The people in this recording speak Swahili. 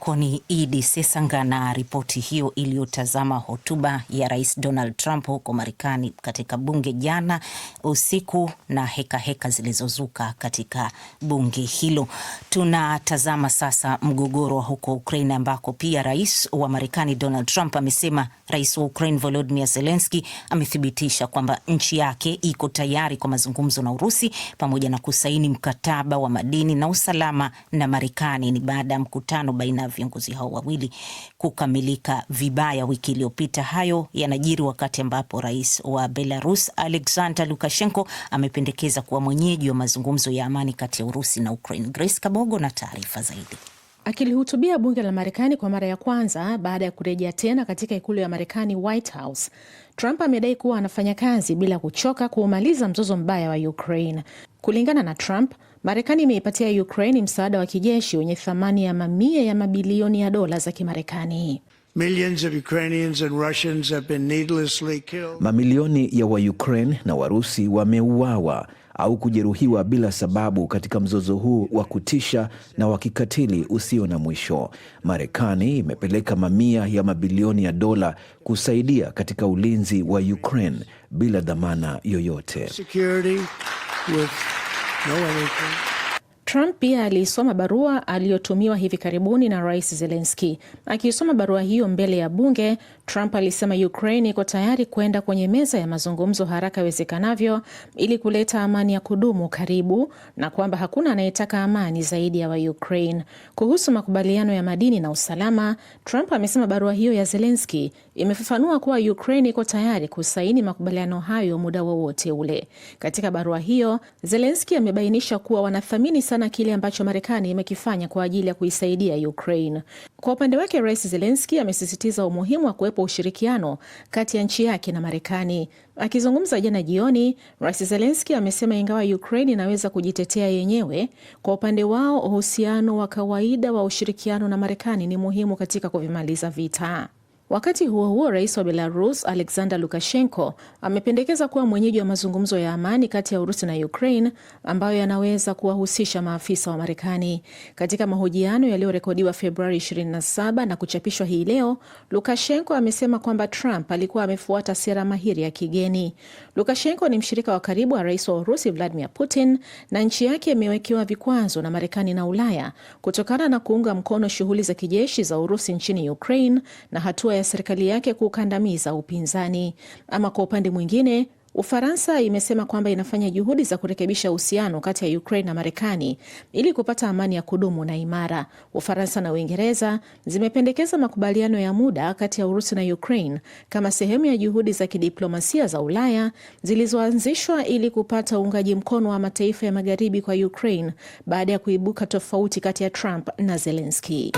Koni Idi Sesanga na ripoti hiyo iliyotazama hotuba ya Rais Donald Trump huko Marekani katika bunge jana usiku na heka heka zilizozuka katika bunge hilo. Tunatazama sasa mgogoro wa huko Ukraine ambako pia Rais wa Marekani Donald Trump amesema Rais wa Ukraine Volodymyr Zelensky amethibitisha kwamba nchi yake iko tayari kwa mazungumzo na Urusi pamoja na kusaini mkataba wa madini na usalama na Marekani. Ni baada ya mkutano baina viongozi hao wawili kukamilika vibaya wiki iliyopita. Hayo yanajiri wakati ambapo rais wa Belarus Alexander Lukashenko amependekeza kuwa mwenyeji wa mazungumzo ya amani kati ya Urusi na Ukraine. Grace Kabogo na taarifa zaidi. Akilihutubia bunge la Marekani kwa mara ya kwanza baada ya kurejea tena katika ikulu ya Marekani, White House, Trump amedai kuwa anafanya kazi bila kuchoka kuumaliza mzozo mbaya wa Ukraine. Kulingana na Trump, Marekani imeipatia Ukraine msaada wa kijeshi wenye thamani ya mamia ya mabilioni ya dola za Kimarekani. Mamilioni ya Waukraine na Warusi wameuawa au kujeruhiwa bila sababu katika mzozo huu wa kutisha na wa kikatili usio na mwisho. Marekani imepeleka mamia ya mabilioni ya dola kusaidia katika ulinzi wa Ukraine bila dhamana yoyote Security. No anything Trump pia aliisoma barua aliyotumiwa hivi karibuni na Rais zelenski Akiisoma barua hiyo mbele ya bunge, Trump alisema Ukraine iko tayari kwenda kwenye meza ya mazungumzo haraka iwezekanavyo ili kuleta amani ya kudumu karibu na kwamba hakuna anayetaka amani zaidi ya Waukraine. Kuhusu makubaliano ya madini na usalama, Trump amesema barua hiyo ya zelenski imefafanua kuwa Ukraine iko tayari kusaini makubaliano hayo muda wowote ule. Katika barua hiyo, Zelenski amebainisha kuwa wanathamini sana sana kile ambacho Marekani imekifanya kwa ajili ya kuisaidia Ukraine. Kwa upande wake, Rais zelenski amesisitiza umuhimu wa kuwepo ushirikiano kati ya nchi yake na Marekani. Akizungumza jana jioni, Rais zelenski amesema ingawa Ukraine inaweza kujitetea yenyewe, kwa upande wao uhusiano wa kawaida wa ushirikiano na Marekani ni muhimu katika kuvimaliza vita. Wakati huo huo, rais wa Belarus Alexander Lukashenko amependekeza kuwa mwenyeji wa mazungumzo ya amani kati ya Urusi na Ukraine ambayo yanaweza kuwahusisha maafisa wa Marekani. Katika mahojiano yaliyorekodiwa Februari 27 na kuchapishwa hii leo, Lukashenko amesema kwamba Trump alikuwa amefuata sera mahiri ya kigeni. Lukashenko ni mshirika wa karibu wa rais wa Urusi Vladimir Putin na nchi yake imewekewa vikwazo na Marekani na Ulaya kutokana na kuunga mkono shughuli za kijeshi za Urusi nchini Ukraine na hatua ya serikali yake kukandamiza upinzani. Ama kwa upande mwingine, Ufaransa imesema kwamba inafanya juhudi za kurekebisha uhusiano kati ya Ukraine na Marekani ili kupata amani ya kudumu na imara. Ufaransa na Uingereza zimependekeza makubaliano ya muda kati ya Urusi na Ukraine kama sehemu ya juhudi za kidiplomasia za Ulaya zilizoanzishwa ili kupata uungaji mkono wa mataifa ya magharibi kwa Ukraine baada ya kuibuka tofauti kati ya Trump na Zelensky.